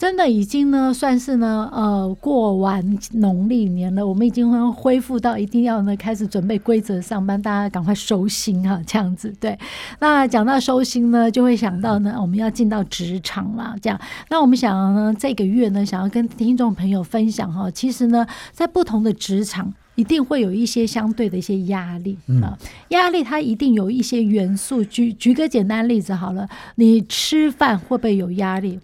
真的已經呢，算是呢，呃，過完農曆年了，我們已經恢復到一定要呢開始準備規則上班，大家趕快收心哈，這樣子。對，那講到收心呢，就會想到呢，我們要進到職場啦。這樣。那我們想要呢，這個月呢，想要跟聽眾朋友分享哈，其實呢，在不同的職場，一定會有一些相對的一些壓力、嗯、啊，壓力它一定有一些元素。舉舉個簡單例子好了，你吃飯會不會有壓力？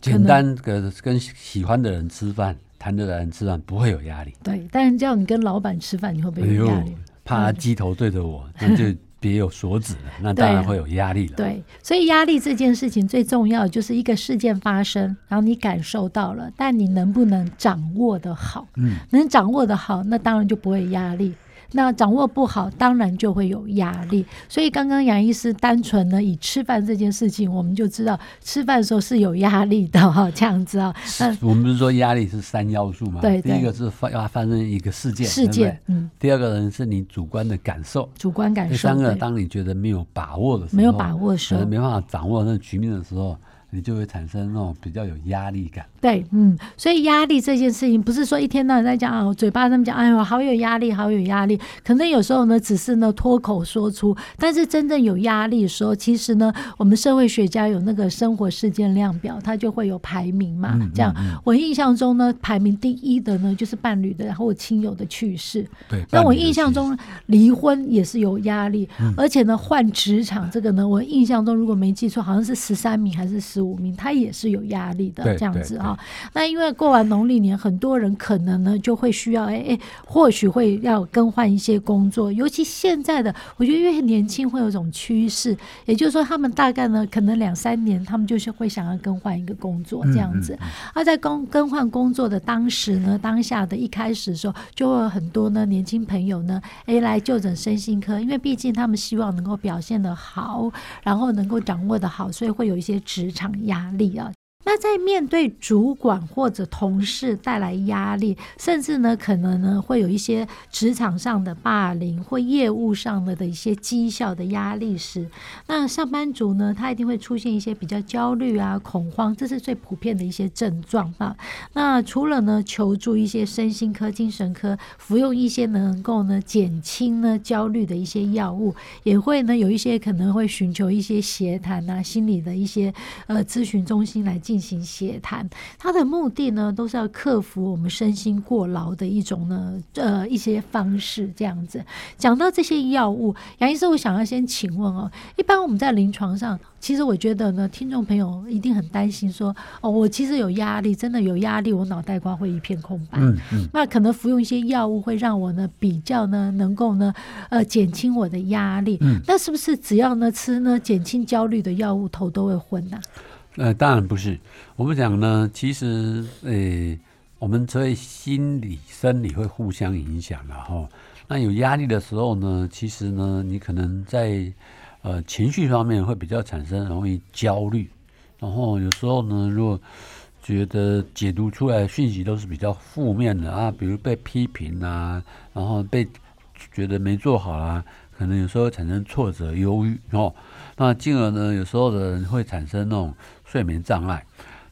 簡單跟跟喜歡的人吃飯，談得來人吃飯不會有壓力。對，但只要你跟老闆吃飯，你會不會有壓力？哎、怕雞頭對着我，那、嗯、就別有所指 那當然會有壓力了。對。對，所以壓力這件事情最重要，就是一個事件發生，然後你感受到了，但你能不能掌握的好？嗯，能掌握的好，那當然就不會壓力。那掌握不好，當然就會有壓力。所以剛剛楊醫師單純呢，以吃飯這件事情，我們就知道吃飯的時候是有壓力的哈，這樣子啊。那我們不是說壓力是三要素嗎？對，對，對，第一個是發發生一個事件，事件。對對嗯，第二個呢是你主觀的感受，主觀感受。第三個，當你覺得沒有把握的時候，沒有把握的時候。沒辦法掌握那個局面的時候。你就會產生那種比較有壓力感。對，嗯，所以壓力這件事情，不是說一天到晚在講啊，我嘴巴上面講，哎呦，好有壓力，好有壓力。可能有時候呢，只是呢脫口說出，但是真正有壓力的時候，其實呢，我們社會學家有那個生活事件量表，它就會有排名嘛。嗯、這樣，嗯嗯、我印象中呢，排名第一的呢就是伴侶的，然後親友的去世。對。那我印象中離婚也是有壓力，嗯、而且呢，換職場這個呢，我印象中如果沒記錯，好像是十三名還是十五名，他也是有壓力的，這樣子啊。對對對，那因為過完農曆年，很多人可能呢就會需要，哎、欸、哎、欸，或許會要更換一些工作。尤其現在的，我覺得因為年輕會有種趨勢，也就是說，他們大概呢可能兩三年，他們就是會想要更換一個工作這樣子。嗯嗯嗯，而在更更換工作的當時呢，當下的一開始的時候，就會有很多呢年輕朋友呢，哎、欸、來就診身心科，因為畢竟他們希望能夠表現得好，然後能夠掌握得好，所以會有一些職場。壓力啊。他在面對主管或者同事帶來壓力，甚至呢可能呢會有一些職場上的霸凌或業務上的的一些績效的壓力時，那上班族呢他一定會出現一些比較焦慮啊恐慌，這是最普遍的一些症狀啊。那除了呢求助一些身心科、精神科，服用一些能夠呢減輕呢焦慮的一些藥物，也會呢有一些可能會尋求一些協談啊心理的一些呃諮詢中心來進行。進行協談，它的目的呢，都是要克服我們身心過勞的一種呢，呃，一些方式這樣子。講到這些藥物，楊醫生，我想要先請問哦，一般我們在臨床上，其實我覺得呢，聽眾朋友一定很擔心說，說哦，我其實有壓力，真的有壓力，我腦袋瓜會一片空白。嗯嗯、那可能服用一些藥物，會讓我呢比較呢能夠呢，呃，減輕我的壓力。嗯、那是不是只要呢吃呢減輕焦慮的藥物，頭都會昏呢、啊？呃、欸，當然不是。我們講呢，其實，呃、欸，我們所以心理、生理會互相影響。然後那有壓力的時候呢，其實呢，你可能在呃情緒方面會比較產生容易焦慮，然後有時候呢，如果覺得解讀出來的訊息都是比較負面的啊，比如被批評啊，然後被覺得沒做好啦、啊，可能有時候會產生挫折、憂鬱哦。那進而呢，有時候的人會產生那種。睡眠障礙，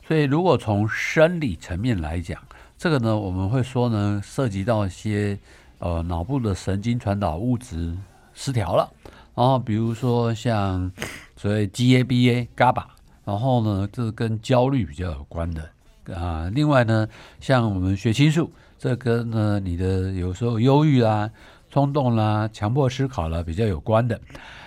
所以如果從生理層面來講，這個呢，我們會說呢，涉及到一些呃腦部的神經傳導物質失調了，然後比如說像所謂 GABA、GABA，然後呢，這跟焦慮比較有關的啊。另外呢，像我們血清素，這跟呢你的有時候憂鬱啊。衝動啦，強迫思考啦，比較有關的。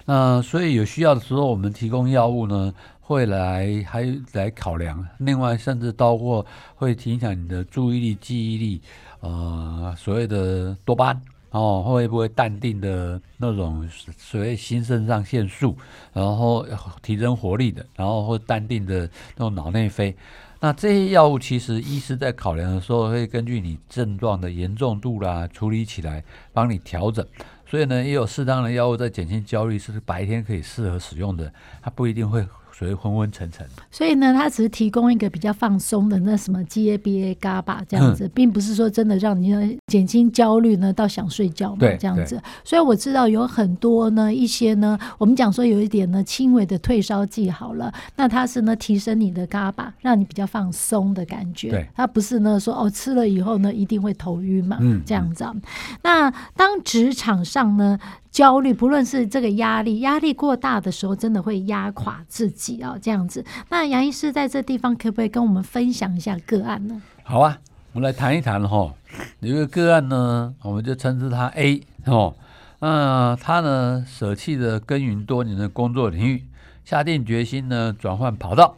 那所以有需要的時候，我們提供藥物呢，會來還來考量。另外，甚至到過會影響你的注意力、記憶力，呃，所謂的多巴胺。哦，會不會淡定的那種所謂新腎上腺素，然後提升活力的，然後會淡定的那種腦內啡？那這些藥物其實醫師在考量的時候，會根據你症狀的嚴重度啦，處理起來幫你調整。所以呢，也有適當的藥物在減輕焦慮，是白天可以適合使用的，它不一定會。所以昏昏沉沉。所以呢，它只是提供一個比較放鬆的那什麼 GABA GABA 這樣子，嗯、並不是說真的讓你減輕焦慮呢到想睡覺嘛，這樣子。所以我知道有很多呢一些呢，我們講說有一點呢輕微的退燒劑好了，那它是呢提升你的 GABA，讓你比較放鬆的感覺。對它不是呢說哦吃了以後呢一定會頭暈嘛，這樣子。嗯嗯、那當職場上呢？焦慮，不論是這個壓力，壓力過大的時候，真的會壓垮自己啊、哦！這樣子，那楊醫師在這地方可不可以跟我們分享一下個案呢？好啊，我們來談一談哈、哦。有一個個案呢，我們就稱之他 A 哦，嗯、呃，他呢舍棄了耕耘多年的工作領域，下定決心呢轉換跑道，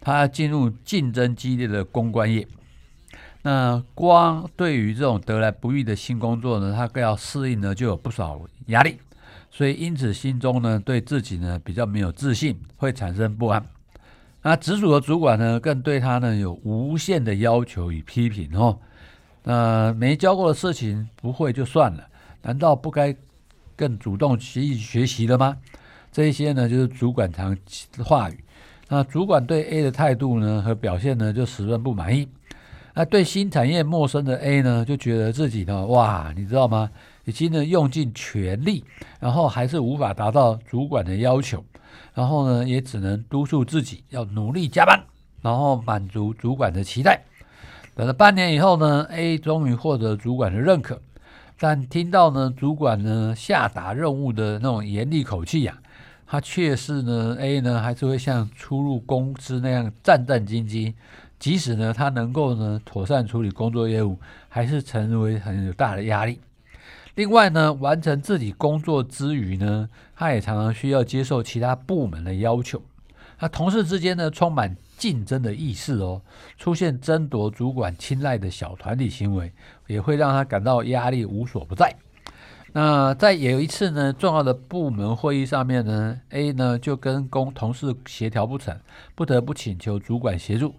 他進入競爭激烈的公關業。那光對於這種得來不易的新工作呢，他更要適應呢，就有不少壓力，所以因此心中呢，對自己呢比較沒有自信，會產生不安。那直屬的主管呢，更對他呢有無限的要求與批評哦。那沒教過的事情不會就算了，難道不該更主動積極學習了嗎？這一些呢就是主管常話語。那主管對 A 的態度呢和表現呢就十分不滿意。那、啊、對新產業陌生的 A 呢，就覺得自己呢，哇，你知道嗎？已經呢用盡全力，然後還是無法達到主管的要求，然後呢，也只能督促自己要努力加班，然後滿足主管的期待。等了半年以後呢，A 終於獲得主管的認可，但聽到呢主管呢下達任務的那種嚴厲口氣呀、啊，他確實呢，A 呢還是會像初入公司那樣戰戰兢兢。即使呢，他能夠呢妥善處理工作業務，還是成為很有大的壓力。另外呢，完成自己工作之餘呢，他也常常需要接受其他部門的要求。那同事之間呢，充滿競爭的意識哦，出現爭奪主管青睞的小團體行為，也會讓他感到壓力無所不在。那在有一次呢，重要的部門會議上面呢，A 呢就跟同事協調不成，不得不請求主管協助。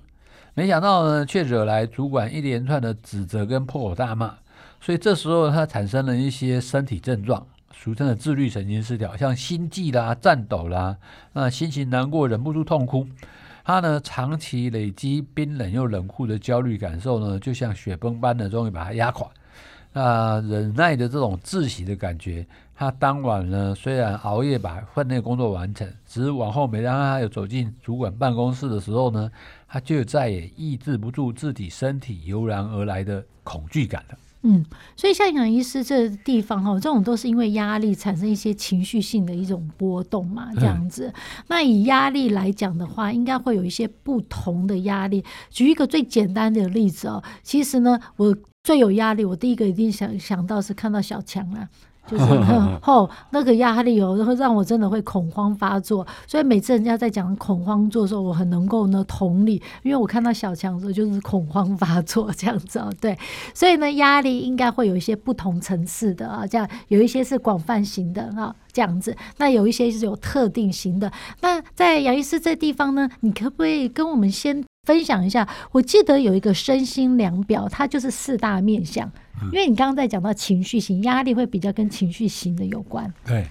沒想到呢，卻惹來主管一連串的指責跟破口大罵，所以這時候他產生了一些身體症狀，俗稱的自律神經失調，像心悸啦、顫抖啦，那、呃、心情難過，忍不住痛哭。他呢，長期累積冰冷又冷酷的焦慮感受呢，就像雪崩般的終於把他壓垮。那、呃、忍耐的這種窒息的感覺，他當晚呢，雖然熬夜把分內工作完成，只是往後每當他有走進主管辦公室的時候呢，他就再也抑制不住自己身體油然而來的恐懼感了。嗯，所以像楊醫師這地方哈、哦，這種都是因為壓力產生一些情緒性的一種波動嘛，這樣子。嗯、那以壓力來講的話，應該會有一些不同的壓力。舉一個最簡單的例子哦，其實呢，我最有壓力，我第一個一定想想到是看到小強啊。就是很厚、哦，那個壓力有、哦，時候讓我真的會恐慌發作。所以每次人家在講恐慌作的時候，我很能夠呢同理，因為我看到小強說就是恐慌發作這樣子哦，對。所以呢，壓力應該會有一些不同層次的啊，這樣有一些是廣泛型的啊這樣子，那有一些是有特定型的。那在楊醫師這地方呢，你可不可以跟我們先？分享一下，我記得有一個身心量表，它就是四大面向。因為你剛剛在講到情緒性，壓力會比較跟情緒性的有關。對，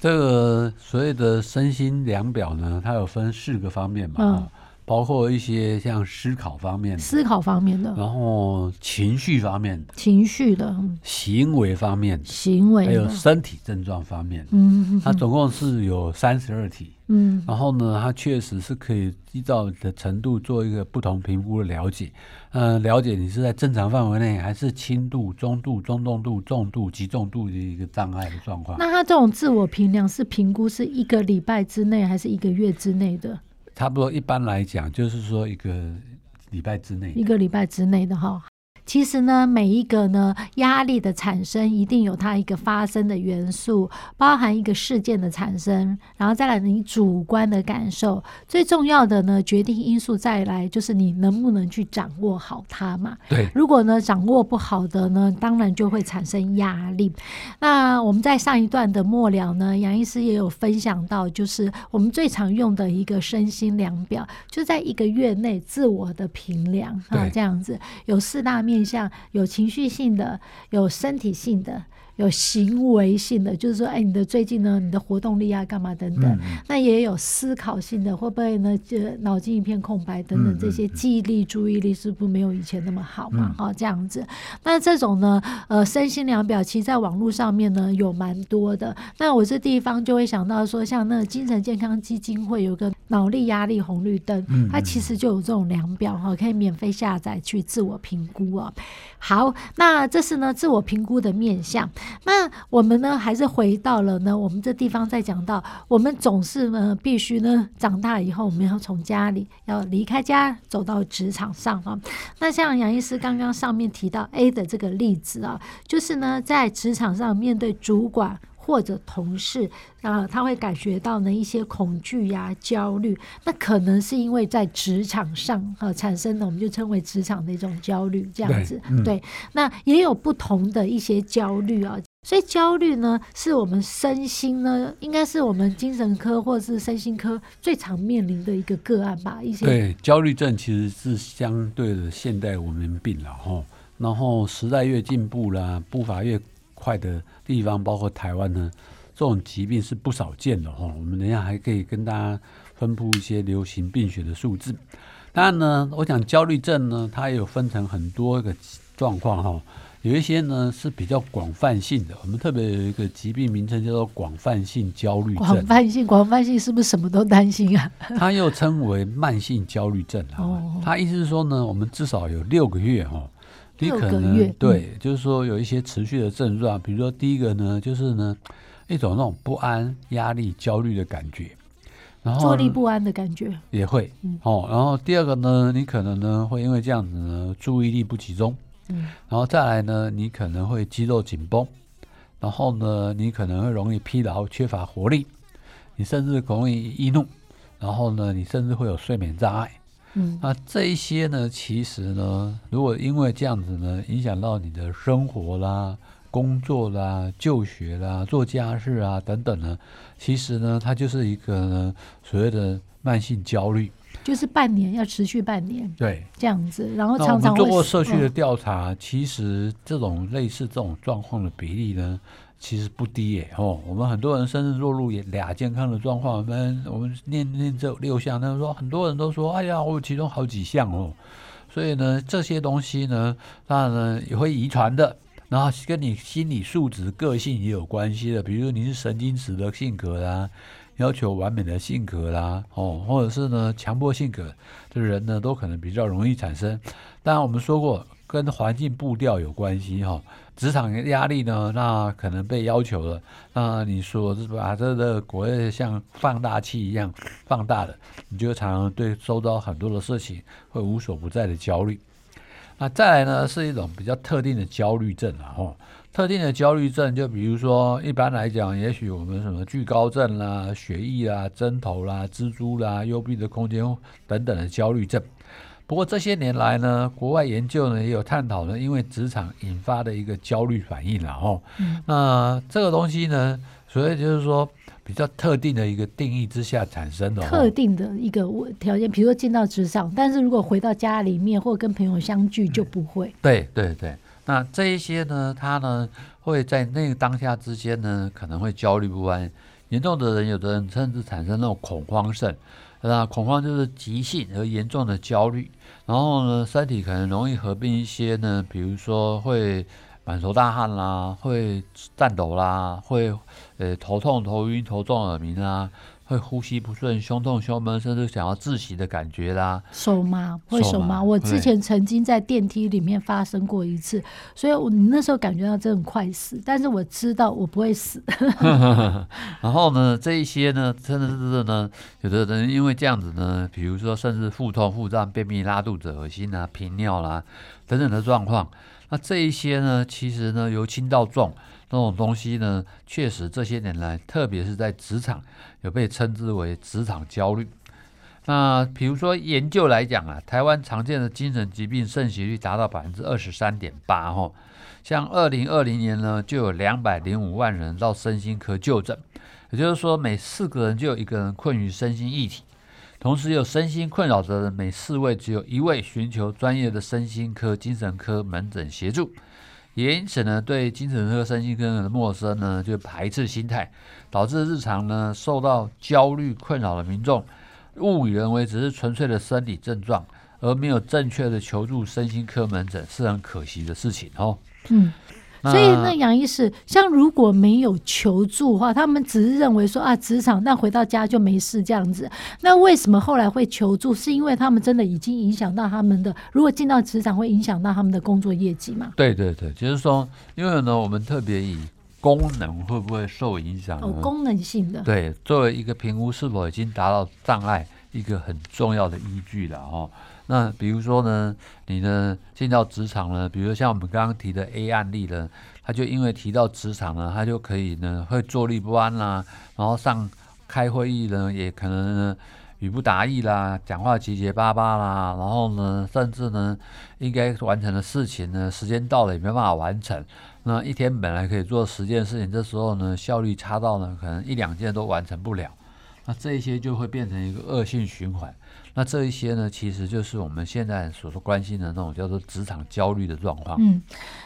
這個所謂的身心量表呢，它有分四個方面嘛。嗯包括一些像思考方面的，思考方面的，然後情緒方面的、情緒的、行為方面、行為，還有身體症狀方面的嗯，他總共是有三十二題。嗯哼，然後呢，他確實是可以依照你的程度做一個不同評估的了解。嗯、呃，了解你是在正常範圍內，還是輕度、中度、中重度、重度、極重度的一個障礙的狀況。那他這種自我評量是評估是一個禮拜之內，還是一個月之內的？差不多，一般來講就是說一個禮拜之內，一個禮拜之內的哈。其實呢，每一個呢壓力的產生一定有它一個發生的元素，包含一個事件的產生，然後再來你主觀的感受。最重要的呢，決定因素再來就是你能不能去掌握好它嘛。對，如果呢掌握不好的呢，當然就會產生壓力。那我們在上一段的末了呢，楊醫師也有分享到，就是我們最常用的一個身心量表，就在一個月內自我的評量對啊，這樣子有四大面。像有情緒性的、有身體性的、有行為性的，就是說，哎，你的最近呢，你的活動力啊，幹嘛等等，嗯嗯那也有思考性的，會不會呢？就腦筋一片空白等等，嗯嗯嗯這些記憶力、注意力是不是沒有以前那麼好嘛？哈、嗯哦，這樣子，那這種呢，呃，身心量表，其實在網絡上面呢，有蠻多的。那我這地方就會想到說，像那個精神健康基金會有個。腦力壓力紅綠燈，它其實就有這種量表哈、嗯嗯哦，可以免費下載去自我評估啊、哦。好，那這是呢自我評估的面向。那我們呢還是回到了呢我們這地方在講到，我們總是呢必須呢長大以後我們要從家裡要離開家走到職場上啊、哦。那像楊醫師剛剛上面提到 A 的這個例子啊、哦，就是呢在職場上面對主管。或者同事然後、啊、他會感覺到呢一些恐懼呀、啊、焦慮，那可能是因為在職場上，啊產生的，我們就稱為職場的一種焦慮，這樣子。對，對嗯、那也有不同的一些焦慮啊，所以焦慮呢，是我們身心呢，應該是我們精神科或是身心科最常面臨的一個個案吧。一些對焦慮症其實是相對的現代文明病了哈，然後時代越進步了，步伐越。快的地方包括台灣呢，這種疾病是不少見的哈、哦。我們等一下還可以跟大家分布一些流行病學的數字。當然呢，我想焦慮症呢，它也有分成很多個狀況哈。有一些呢是比較廣泛性的，我們特別有一個疾病名稱叫做廣泛性焦慮症。廣泛性、廣泛性是不是什麼都擔心啊？它又稱為慢性焦慮症啊。哦、它意思是說呢，我們至少有六個月哈、哦。你可能對，就是說有一些持續的症狀，比如說第一個呢，就是呢一種那種不安、壓力、焦慮的感覺，然後坐立不安的感覺也會哦。然後第二個呢，你可能呢會因為這樣子呢注意力不集中，嗯，然後再來呢，你可能會肌肉緊繃，然後呢，你可能會容易疲勞、缺乏活力，你甚至容易易怒，然後呢，你甚至會有睡眠障礙。嗯，那這一些呢，其實呢，如果因為這樣子呢，影響到你的生活啦、工作啦、就學啦、做家事啊等等呢，其實呢，它就是一個呢所謂的慢性焦慮，就是半年，要持續半年，對，這樣子，然後常常做過社區的調查，嗯、其實這種類似這種狀況的比例呢，其實不低耶，吼、哦！我們很多人甚至落入亞健康的狀況。我們我們念念這六項，他說很多人都說，哎呀，我有其中好幾項哦。所以呢，這些東西呢，當然也會遺傳的，然後跟你心理素質、個性也有關係的。比如說你是神經質的性格啦，要求完美的性格啦，哦，或者是呢強迫性格，這人呢都可能比較容易產生。當然我們說過，跟環境步調有關係哈、哦。職場壓力呢，那可能被要求了，那你說是把這個國內像放大器一樣放大了，你就常常對周遭很多的事情會無所不在的焦慮。那再來呢，是一種比較特定的焦慮症啊，特定的焦慮症，就比如說，一般來講，也許我們什麼懼高症啦、血液啦、針頭啦、蜘蛛啦、幽閉的空間等等的焦慮症。不過這些年來呢，國外研究呢也有探討呢，因為職場引發的一個焦慮反應，然後、哦嗯、那這個東西呢，所以就是說比較特定的一個定義之下產生的特定的一個條件，比如說進到職場，但是如果回到家裡面或跟朋友相聚就不會。嗯、對對對，那這一些呢，他呢會在那個當下之間呢，可能會焦慮不安，嚴重的人，有的人甚至產生那種恐慌症。那恐慌就是急性而嚴重的焦慮，然後呢，身體可能容易合併一些呢，比如說會滿頭大汗啦，會顫抖啦，會呃、欸、頭痛、頭暈、頭重耳啦、耳鳴啊。會呼吸不順、胸痛、胸悶，甚至想要窒息的感覺啦。手麻會手麻，手嗎我之前曾經在電梯裡面發生過一次，對所以我你那時候感覺到真的快死，但是我知道我不會死。 然後呢，這一些呢，真的是呢，有的人因為這樣子呢，比如說甚至腹痛、腹脹、便秘、拉肚子、噁心啊、頻尿啦、啊、等等的狀況。那這一些呢，其實呢，由輕到重這種東西呢，確實這些年來，特別是在職場，有被稱之為職場焦慮。那比如說研究來講啊，台灣常見的精神疾病盛行率達到百分之二十三點八哈，像二零二零年呢，就有兩百零五萬人到身心科就診，也就是說每四個人就有一個人困於身心一體。同時有身心困擾者的每四位只有一位尋求專業的身心科、精神科門診協助，也因此呢，對精神科、身心科的陌生呢，就排斥心態，導致日常呢受到焦慮困擾的民眾，誤以為只是純粹的生理症狀，而沒有正確的求助身心科門診，是很可惜的事情哦。嗯。那所以那楊醫師，像如果沒有求助的話，他們只是認為說啊，職場，但回到家就沒事這樣子。那為什麼後來會求助？是因為他們真的已經影響到他們的，如果進到職場會影響到他們的工作業績嗎？對對對，就是說，因為呢，我們特別以功能會不會受影響？哦，功能性的。對，作為一個評估是否已經達到障礙。一個很重要的依據了哦，那比如說呢，你呢進到職場呢，比如像我們剛剛提的 A 案例呢，他就因為提到職場呢，他就可以呢會坐立不安啦，然後上開會議呢也可能呢語不達意啦，講話結結巴巴啦，然後呢甚至呢應該完成的事情呢時間到了也沒辦法完成。那一天本來可以做十件事情，這時候呢效率差到呢可能一兩件都完成不了。那這些就會變成一個惡性循環。那這一些呢，其實就是我們現在所說關心的那種叫做職場焦慮的狀況。嗯，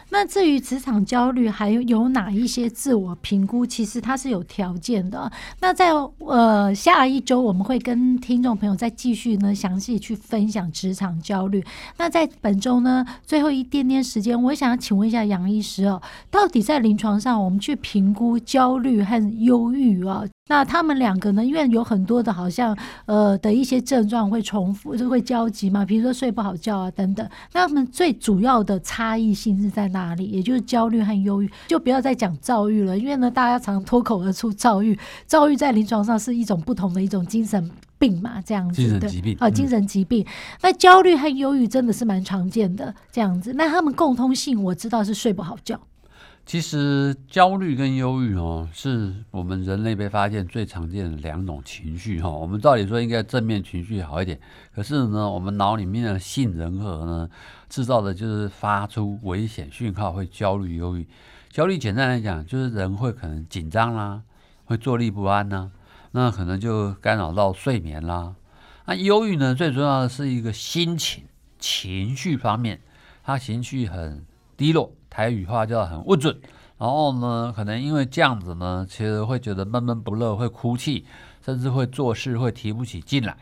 那至於職場焦慮還有哪一些自我評估，其實它是有條件的。那在呃下一周我們會跟聽眾朋友再繼續呢詳細去分享職場焦慮。那在本周呢，最後一點點時間，我想要請問一下楊醫師哦，到底在臨床上我們去評估焦慮和憂鬱啊，那他們兩個呢，因為有很多的好像呃的一些症狀。會重複，就會焦急嘛，比如說睡不好覺啊等等。那他們最主要的差異性是在哪裡？也就是焦慮和憂鬱，就不要再講躁鬱了，因為呢，大家常脫口而出躁鬱，躁鬱在臨床上是一種不同的一種精神病嘛，這樣子。精神疾病啊，呃，精神疾病。嗯，那焦慮和憂鬱真的是蠻常見的，這樣子。那他們共通性，我知道是睡不好覺。其實焦慮跟憂鬱哦，是我們人類被發現最常見的兩種情緒哈、哦。我們照理說應該正面情緒好一點，可是呢，我們腦裡面的杏仁核呢，制造的就是發出危險訊號，會焦慮、憂鬱。焦慮簡單來講，就是人會可能緊張啦，會坐立不安吶、啊，那可能就干擾到睡眠啦。那憂鬱呢，最重要的是一個心情、情緒方面，他情緒很低落。台語話叫很鬱卒，然後呢，可能因為這樣子呢，其實會覺得悶悶不樂，會哭泣，甚至會做事會提不起勁來，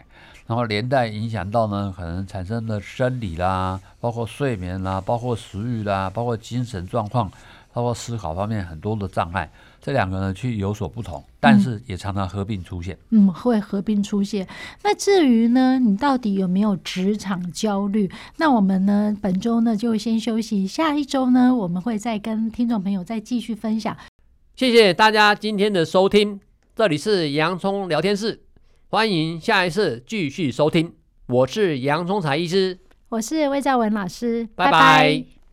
然後連帶影響到呢，可能產生的生理啦，包括睡眠啦，包括食慾啦，包括精神狀況，包括思考方面很多的障礙。這兩個呢，去有所不同，但是也常常合併出現。嗯，會合併出現。那至於呢，你到底有沒有職場焦慮？那我們呢，本周呢就先休息，下一周呢我們會再跟聽眾朋友再繼續分享。謝謝大家今天的收聽，這裡是洋蔥聊天室，歡迎下一次繼續收聽。我是楊聰財醫師，我是魏兆玟老師，拜拜。拜拜。